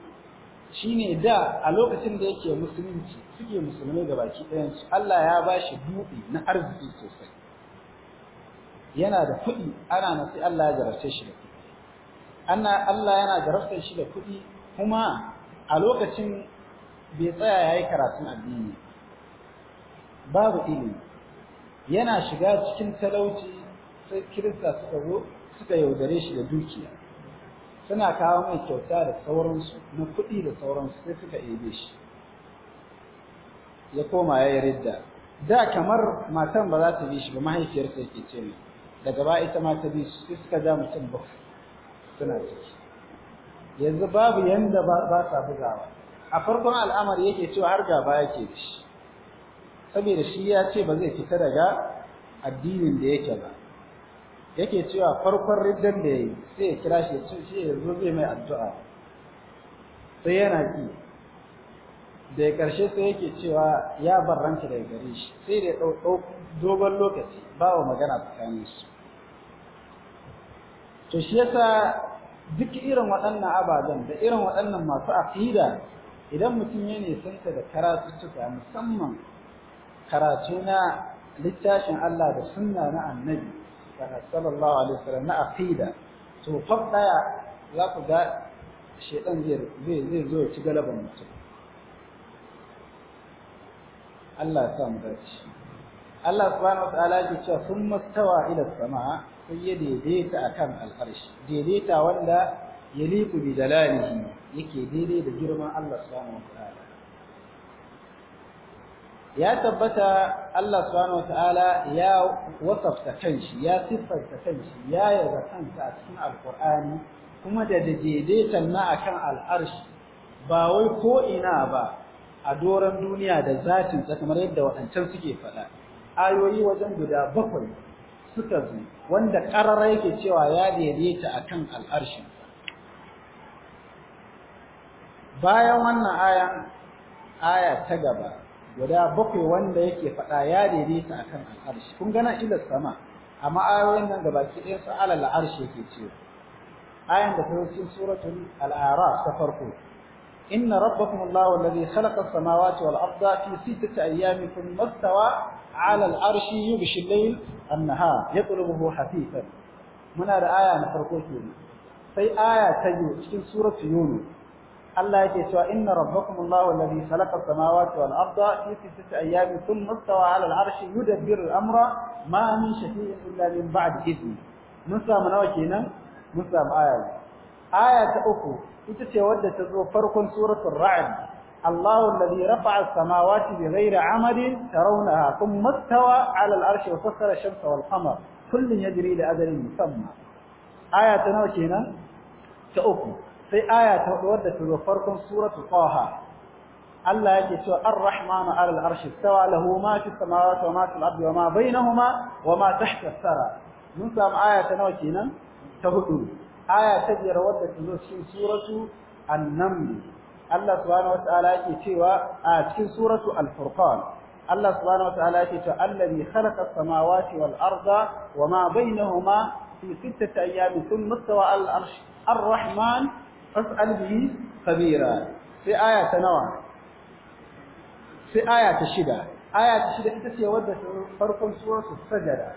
Shi ne da a lokacin da yake musulunci suke musulmai da baki ɗayan su Allah ya bashi buɗi na arziki sosai yana da kuɗi ana na Allah ya jarabce shi da kuɗi ana Allah yana jarabtar shi da kuɗi kuma a lokacin bai tsaya yayi karatun addini babu ilimi yana shiga cikin talauci sai kirista suka suka yaudare shi da dukiya suna kawo mai kyauta da sauransu na kuɗi da sauransu sai suka ebe shi ya koma ya yi ridda da kamar matan ba za ta bi shi ba mahaifiyarsa yake ce ne daga ba ita ma ta bi shi sai suka ja mutum ba suna ciki yanzu babu yanda ba sa bugawa a farkon al'amari yake cewa har gaba yake shi saboda shi ya ce ba zai fita daga addinin da yake ba yake cewa farkon riddan da yayi sai ya kira shi ce shi yanzu zai mai addu'a sai yana ki da karshe sai yake cewa ya barranta daga gare shi sai da dau dogon lokaci ba wa magana tsakanin su to shi yasa duk irin waɗannan ababen da irin waɗannan masu aqida idan mutum ya nisanta da karatuttuka musamman karatu na littafin Allah da sunna na annabi sallallahu alaihi wasallam na aqida to fab daya za ku ga shedan zai zai zo ci galaban mutum Allah ya sa mu dace Allah subhanahu wataala ya ce sun mastawa ila samaa sai ya daidaita akan al'arshi daidaita wanda ya yaliku bi jalalihi yake daidai da girman Allah subhanahu wataala ya tabbata Allah subhanahu wataala ya wasafta kanshi ya siffarta kanshi ya yarda kansa a cikin alqur'ani kuma da daidaitan na akan al'arshi ba wai ko ina ba a doron duniya da zatin sa kamar yadda wadancan suke faɗa ayoyi wajen guda bakwai suka zo wanda ƙarara yake cewa ya daidaita a kan Bayan wannan ayan, aya ta gaba, guda bakwai wanda yake faɗa ya daidaita akan al'arshi kun gana ilar sama amma ma'ayoyin nan gabaki ɗayan su alal arshi yake cewa ayan da ta cikin suratul al'ara ta farko inna rabbakum allahu alladhi khalaqa as-samawati wal arda fi sittati ayyamin thumma istawa 'ala al-arshi yughshi al-layl an-nahar yatlubuhu hafifan muna da aya na farko kenan sai aya ta biyu cikin suratul yunus Allah yake cewa inna rabbakum Allahu alladhi khalaqa as-samawati wal arda fi sittati ayyamin thumma istawa 'ala al yudabbiru al-amra ma min shafi'in illa min ba'di idhni mun samu nawa kenan mun samu aya aya ta uku ita ce wadda ta zo farkon suratul ra'd الله الذي رفع السماوات بغير عمد ترونها ثم استوى على العرش وسخر الشمس والقمر كل Aya ta nawa kenan? Ta uku. sai aya ta hudu wadda ta zo farkon suratul qaha Allah yake cewa ar-rahmanu 'ala al-arshi istawa lahu ma fi samawati wa ma fil ardi wa ma bainahuma wa ma tahta as-sara mun samu aya ta nawa kenan ta hudu aya ta biyar wadda ta zo cikin suratu an-naml Allah subhanahu wa ta'ala yake cewa a cikin suratu al-furqan Allah subhanahu wa ta'ala yake cewa allazi khalaqa as-samawati wal arda wa ma bainahuma fi sittati ayyamin thumma istawa al-arshi ar-rahman فاسأل به خبيرا في آية نوع في آية الشدة آية الشدة إتسي ودى فرق سورة السجدة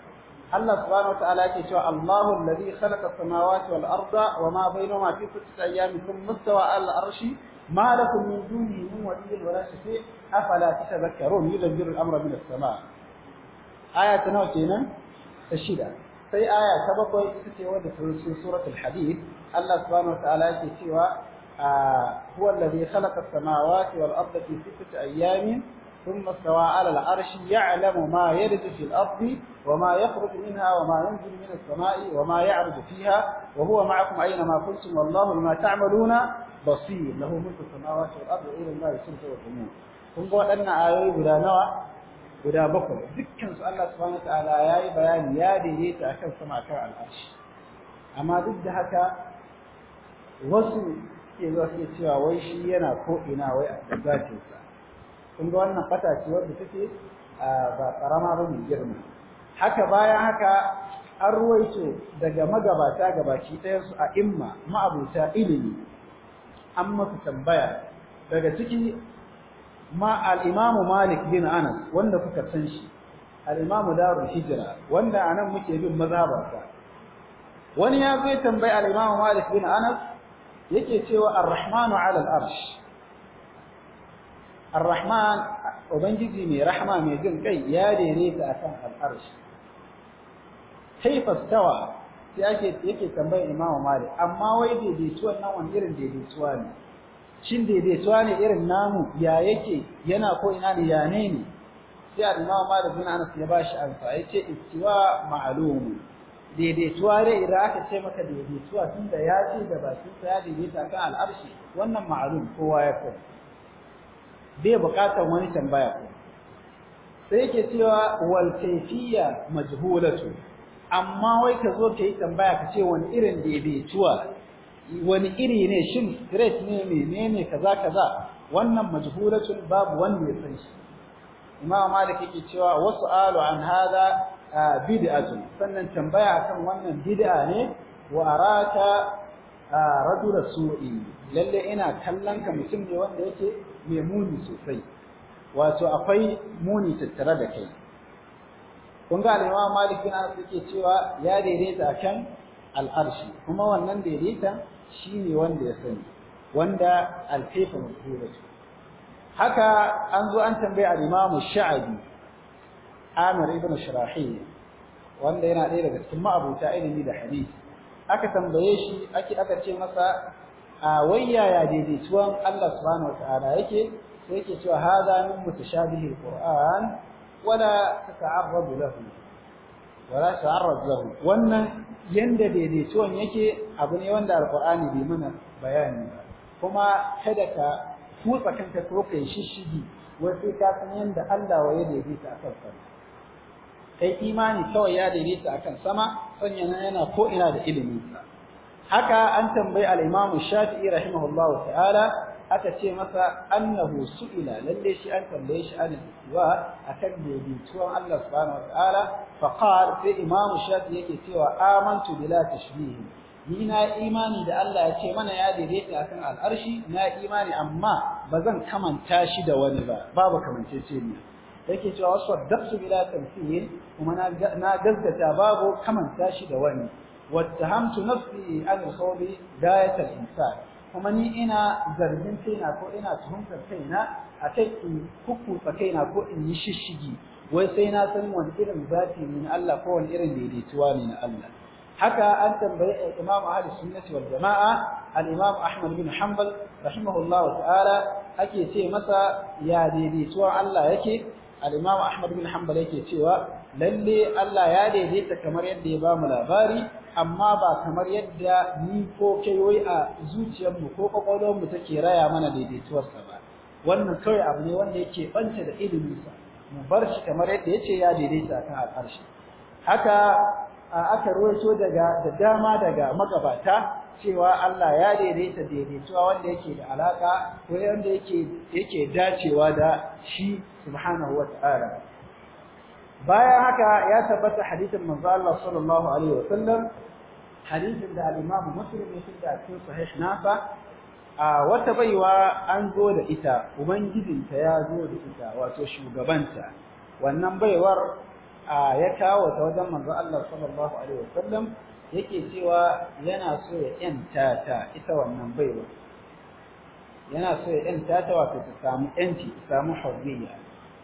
الله سبحانه وتعالى يتشوى الله الذي خلق السماوات والأرض وما بينهما في ستة أيامكم مستوى الأرش ما لكم من دونه من ولي ولا شفيع أفلا تتذكرون يدبر الأمر من السماء آية نوع الشدة في آية سبق ويتسي ودى سورة الحديث الله سبحانه وتعالى سوى آه، هو الذي خلق السماوات والأرض في ستة أيام ثم استوى على العرش يعلم ما يرد في الأرض وما يخرج منها وما ينزل من السماء وما يعرض فيها وهو معكم أينما كنتم والله لما تعملون بصير له ملك السماوات والأرض وإلى الله سبحانه وتعالى ثم قال أن آيه بلا نوع بلا بكر ذكر الله سبحانه وتعالى آيه بيان يا دي ليت أكل سماك على العرش أما ضدها هكا wasu ke zuwa ke cewa wai shi yana ko'ina, wai a zatin kun ga wannan fata ce wadda take ba karama ba mai girma haka bayan haka an ruwaito daga magabata gabaki ɗayansu a imma ma'abuta ilimi an masa tambaya daga ciki ma al-imamu malik bin anas wanda kuka san shi al-imamu darul hijra wanda anan muke bin mazhabarsa wani ya zo tambayi al-imamu malik bin anas yake cewa ar-rahmanu 'ala al-arsh ar-rahman ubangiji mai rahma mai jin kai ya daidaita akan al-arsh kaifa stawa sai yake tambayar imamu malik amma wai daidaituwan nan wani irin daidaituwa ne shin daidaituwa ne irin namu ya yake yana ko ina ne ya ne ne sai al-imamu malik bin anas ya bashi amsa yace istiwa ma'lumun daidaituwa dai idan aka ce maka daidaituwa da ya ce da bakinsa ya daidaita kan al'arshi wannan ma'alum kowa ya sani bai buƙatar wani tambaya ko sai yake cewa wal kayfiyya majhulatu amma wai ka zo ka yi tambaya ka ce wani irin daidaituwa wani iri ne shin great ne menene kaza kaza wannan majhulatun babu wanda ya san shi imam malik yake cewa wasu alu an hada bid'atun sannan tambaya akan wannan bid'a ne wa araka rajul su'i lalle ina kallon ka mutum ne wanda yake mai muni sosai wato akwai muni tattare da kai kun ga Malik na Anas cewa ya daidaita akan al'arshi. kuma wannan daidaita shine wanda ya sani wanda al-kayfa haka an zo an tambaya al-Imam Sha'abi Amir ibn Shirahi wanda yana ɗaya daga cikin ma'abuta ilimi da hadisi aka tambaye shi ake aka ce masa a ya wayyaya daidaituwan Allah subhanahu wataala yake sai yake cewa hadha min mutashabihi alquran wala tata'arradu lahu wala ta'arrad lahu wannan yanda daidaituwan yake abu ne wanda alqur'ani bai mana bayani kuma kada ka kutsa kanka ko kai shishigi wasu ka san yanda Allah waye daidaita a kansa kai imani kawai ya daidaita akan sama sannan yana ko ina da ilimi haka an tambayi al-Imam Shafi'i rahimahullahu ta'ala aka ce masa annahu su'ila lalle shi an tambaye shi an wa akan daidaituwan Allah subhanahu wa fa qala sai Imam Shafi'i yake cewa amantu bila tashbih ni na imani da Allah ya ce mana ya daidaita akan al'arshi na imani amma bazan kamanta shi da wani ba babu kamanceceniya yake cewa saddaqtu bila tamthil kuma na na gaskata babu kamanta shi da wani wattahamtu nafsi an al-khawbi insan kuma ni ina zargin kaina ko ina tuhumtar kaina a kai in kukkuta kaina ko in yi shishigi wai sai na san wani irin zafi ne na Allah ko wani irin daidaituwa ne na Allah haka an tambayi imam ahli sunnati wal jamaa al imam ahmad bin hanbal rahimahullahu ta'ala ake ce masa ya daidaituwa Allah yake al-Imam Ahmad bin Hanbal yake cewa lalle Allah ya daidaita kamar yadda ya ba mu labari amma ba kamar yadda ni ko kai a zuciyar mu ko kwakwalwar mu take raya mana daidaituwarsa ba wannan kawai abu ne wanda yake banta da ilimi mu bar shi kamar yadda ya ce ya daidaita kan a ƙarshe haka aka ruwaito daga da dama daga magabata cewa Allah ya daidaita daidaituwa wanda yake da alaka ko wanda yake yake dacewa da shi subhanahu wataala bayan haka ya tabbata hadisin manzo Allah sallallahu alaihi wasallam hadisin da al-Imam Muslim ya fitta cikin sahih a wata baiwa an zo da ita ubangijinta ya zo da ita wato shugabanta wannan baiwar a ya kawo ta wajen manzo Allah sallallahu alaihi wasallam yake cewa yana so ya ‘yanta ta ita wannan baiwa, yana so ya ‘yanta ta wato ta samu ‘yanci, ta samu hurriya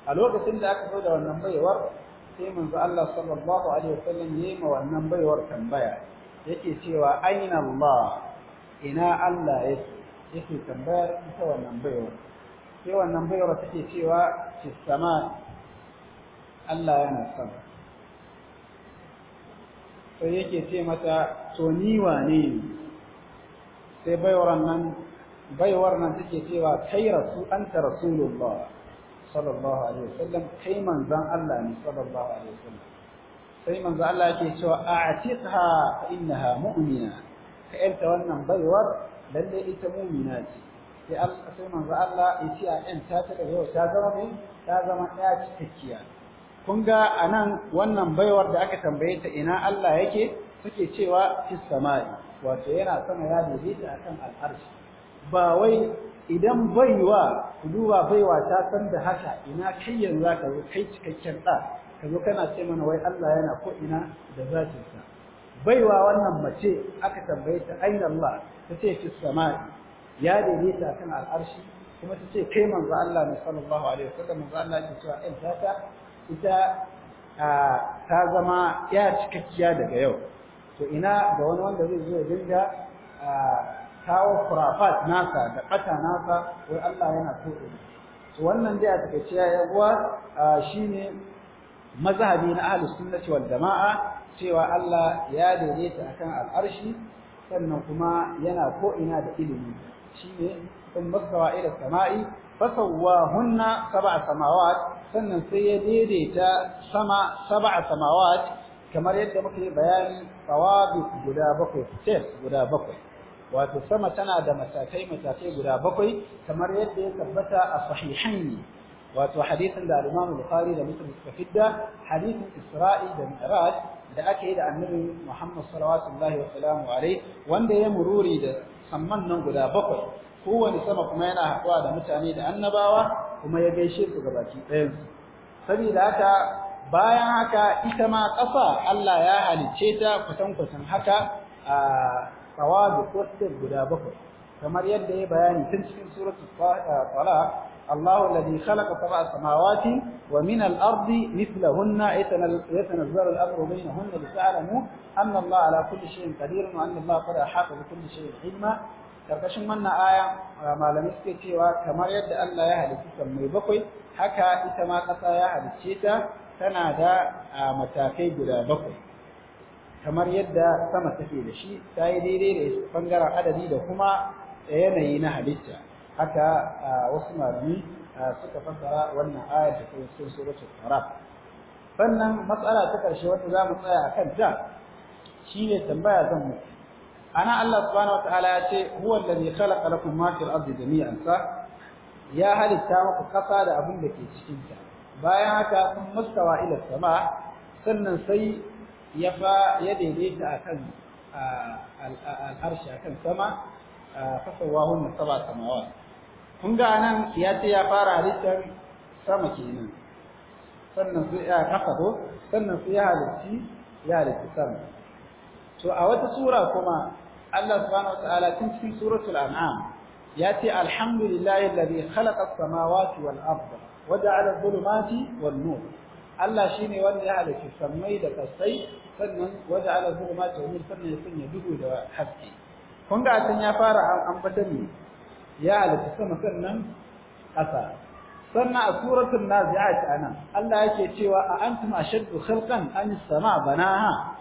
A lokacin da aka zo da wannan baiwar, sai manzo Allah sallallahu Alaihi wasallam ya yi ma wannan baiwar tambaya, yake cewa aina Allah, ina Allah yake, yake tambayar ita wannan baiwar. Sai wannan baiwar take cewa, sama Allah yana sama. sai yake ce mata to ni wane sai baiwar nan baiwar nan take cewa kai rasu anta rasulullah sallallahu alaihi wasallam kai manzon Allah ne sallallahu alaihi wasallam sai manzon Allah yake cewa a'tiqha fa innaha mu'mina ka yanta wannan baiwar lalle ita mu'mina ce sai sai manzon Allah yace a yanta ta da yau ta zama ne ta zama ɗaya cikakkiya kun ga nan wannan baiwar da aka tambaye ta ina Allah yake suke cewa fis samai wato yana sama ya daidaita akan al'arshi ba wai idan baiwa ku duba baiwa ta san da haka ina kai yanzu ka zo kai cikakken ɗa, ka zo kana ce mana wai Allah yana ko ina da zatin sa baiwa wannan mace aka tambaye ta aina Allah tace fis samai ya daidaita akan al'arshi kuma tace kai manzo Allah sallallahu alaihi wasallam manzo Allah ke cewa in ta ita ta zama ya cikakkiya daga yau to ina ga wani wanda zai zo ya dinga kawo kurafat nasa da kata nasa wai Allah yana so to wannan dai a takaice ya uwa shine mazhabi na ahlus sunnati wal jamaa cewa Allah ya daidaita akan al'arshi sannan kuma yana ko ina da ilimi shine in masawa ila sama'i hunna saba'a samawat sannan sai ya daidaita sama saba'a samawat kamar yadda muke bayani sawabi guda bakwai steps guda bakwai wato sama tana da matakai matakai guda bakwai kamar yadda ya tabbata a sahihaini wato hadisin da al-Imam Bukhari da Muslim suka fidda hadisin Isra'i da Mi'raj da aka yi da Annabi Muhammad sallallahu alaihi wasallam wanda ya mururi da samman nan guda bakwai kowane sama kuma yana haɗuwa da mutane da annabawa kuma ya gaishe su ga baki ɗayan su saboda haka bayan haka ita ma ƙasa Allah ya halicce ta kwatankwatan haka a tsawazi ko guda bakwai kamar yadda ya bayani tun cikin suratu talaq الله الذي خلق سبع سماوات ومن الأرض مثلهن يتنزل الأمر بينهن لتعلموا أن الله على كل شيء قدير وأن الله قد أحاط بكل شيء علما karkashin wannan aya eh, malamai suke cewa kamar yadda Allah ya halicci sammai bakwai haka ita ma ƙasa ya halicce ta tana da matakai guda bakwai kamar yadda sama take da shi ta yi daidai da bangaren adadi da kuma yanayi na halitta haka wasu malami suka fassara wannan aya da kuma sun suratul Arab sannan matsala ta ƙarshe wanda za mu tsaya a kanta shine tambaya zan muku ana Allah subhanahu wataala ya ce huwa allazi khalaqa lakum ma fil ardi jami'an sa ya halitta muku kasa da abin da ke cikin ta bayan haka kun mustawa ila sama sannan sai ya fa ya daidaita akan al'arshi akan sama fasawahun saba samawat kun ga nan ya ce ya fara halittar sama kenan sannan su ya kafa sannan su ya halitti ya halitti sama to a wata sura kuma Allah subhanahu wataala tun cikin suratul an'am ya ce alhamdulillahi alladhi khalaqa as-samawati wal arda wa ja'ala adh-dhulumati wan nur Allah shine wanda ya halicci sammai da kasai sannan wa ja'ala adh-dhulumati wan nur sannan ya sanya duhu da haske kun ga tun ya fara ambatan ne ya halicci sama sannan ƙasa sannan a suratul nazi'at anan Allah yake cewa a antum ashaddu khalqan an as-sama banaha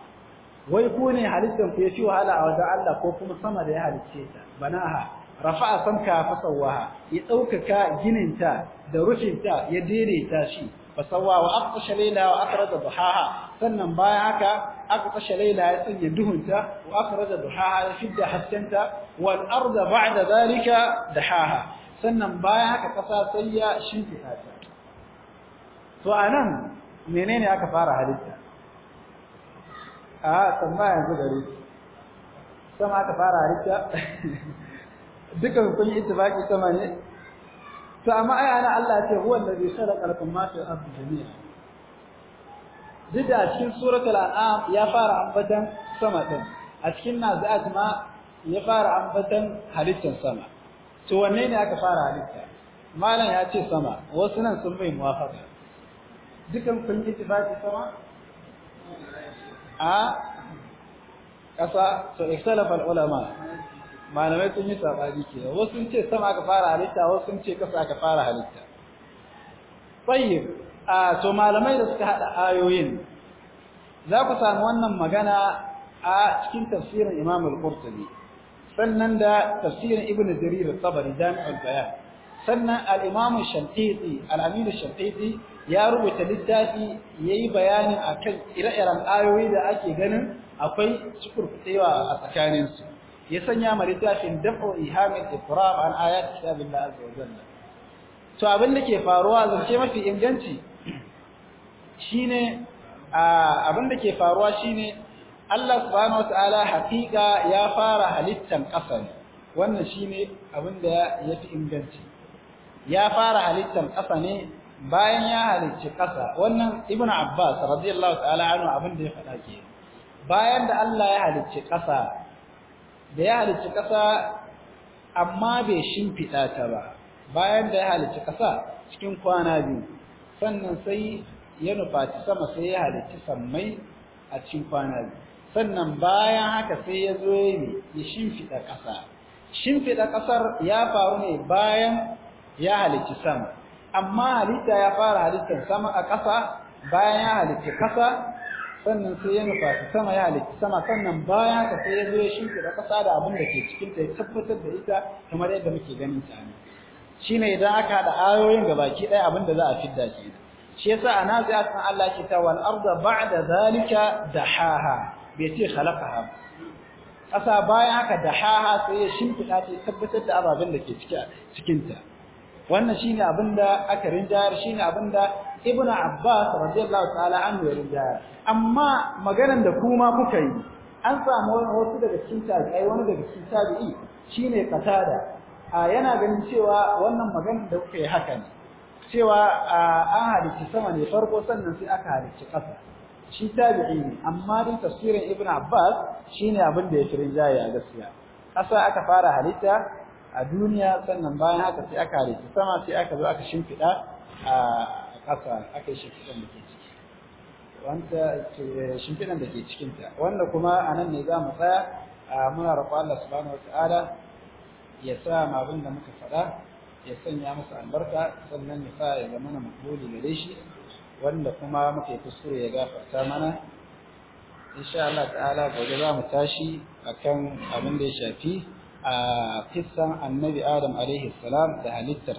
wai ku ne halittar ku yafi wahala a wajen Allah ko kuma sama da ya halicce ta banaha rafa'a samka fa sawaha ya ɗaukaka ginin ta da rufin ta ya daidaita shi fa sawa wa aqsha layla wa akhraja duhaha sannan bayan haka aqsha layla ya sanya duhunta wa akhraja duhaha ya fidda haskanta wal arda ba'da zalika dahaha sannan bayan haka kasa sai ya shimfita ta to anan menene aka fara halitta a tsamma yanzu gare shi sama aka fara rikiya Dukkan kun yi tibaki sama ne to amma ai ana Allah ce huwa allazi khalaqa lakum ma fi al-ardi jami'a duk da cikin suratul an'am ya fara ambatan sama din a cikin nazi'at ma ya fara ambatan halittar sama to wanne ne aka fara halitta malam ya ce sama wasu nan sun bai muwafaka dukan kun yi tibaki sama a ƙasa to ikhtalafa ulama malamai sun yi sabani ke wasu sun ce sama aka fara halitta wasu sun ce ƙasa aka fara halitta tayyib a to malamai da suka haɗa ayoyin za ku samu wannan magana a cikin tafsirin Imam al-Qurtubi sannan da tafsirin Ibn Jarir al-Tabari Jami'ul Bayan sannan al-Imam Shantiti al-Amin Shantiti ya rubuta littafi yayi bayanin akan ire-iren ayoyi da ake ganin akwai sukurkutewa a tsakanin su ya sanya ma littafin dafo ihamin ifrar an da kitabillah azza wa jalla to abin da ke faruwa zance mafi inganci shine abin da ke faruwa shine Allah subhanahu wataala haƙiƙa ya fara halittan ƙasa ne wannan shine abin da yafi inganci ya fara halittar ƙasa ne bayan ya halicci ƙasa wannan ibnu abbas radiyallahu ta'ala anhu abin da ya faɗa ke bayan da Allah ya halicci ƙasa da ya halicci ƙasa amma bai shimfiɗa ta ba bayan da ya halicci ƙasa cikin kwana biyu sannan sai ya nufaci sama sai ya halicci sammai a cikin kwana biyu sannan bayan haka sai ya zo ya shimfiɗa ƙasa shimfiɗa ƙasar ya faru ne bayan ya halicci sama amma halitta ya fara halittar sama a ƙasa bayan ya halicci ƙasa sannan sai ya nufasa sama ya halicci sama sannan bayan ka sai ya zo ya shuke da ƙasa da abin da ke cikin ta ya tabbatar da ita kamar yadda muke ganin ta ne shine idan aka haɗa ayoyin gabaki ɗaya abin da za a fidda ke shi yasa ana sai Allah ke ta wal arda ba'da zalika dahaha bai ce khalaqaha ƙasa bayan haka dahaha sai ya shimfiɗa ta tabbatar da ababen da ke cikin ta wannan shine abinda aka rinjayar shine abinda ibnu abbas radiyallahu ta'ala anhu ya rinjayar amma maganar da kuma kuka yi an samu wasu daga cikin tabi'ai wani daga cikin tabi'i shine qatada a yana ganin cewa wannan maganar da kuka yi haka ne cewa an halicci sama ne farko sannan sai aka halicci ƙasa shi tabi'i ne amma dai tafsirin ibnu abbas shine abinda ya rinjaya gaskiya kasa aka fara halitta a duniya sannan bayan haka sai aka halitta sama sai aka zo aka shimfiɗa a ƙasa aka yi shimfiɗan da ke ciki wanda shimfiɗan da ke cikinta wanda kuma a nan ne za mu tsaya a muna roƙo Allah subhanahu ta'ala ya sa ma abin da muka faɗa ya sanya masa albarka sannan ya sa ya zama na makbuli gare shi wanda kuma muka kuskure ya gafarta mana insha Allah ta'ala gobe za mu tashi akan abin da ya shafi آه، قصة النبي آدم عليه السلام ده لتر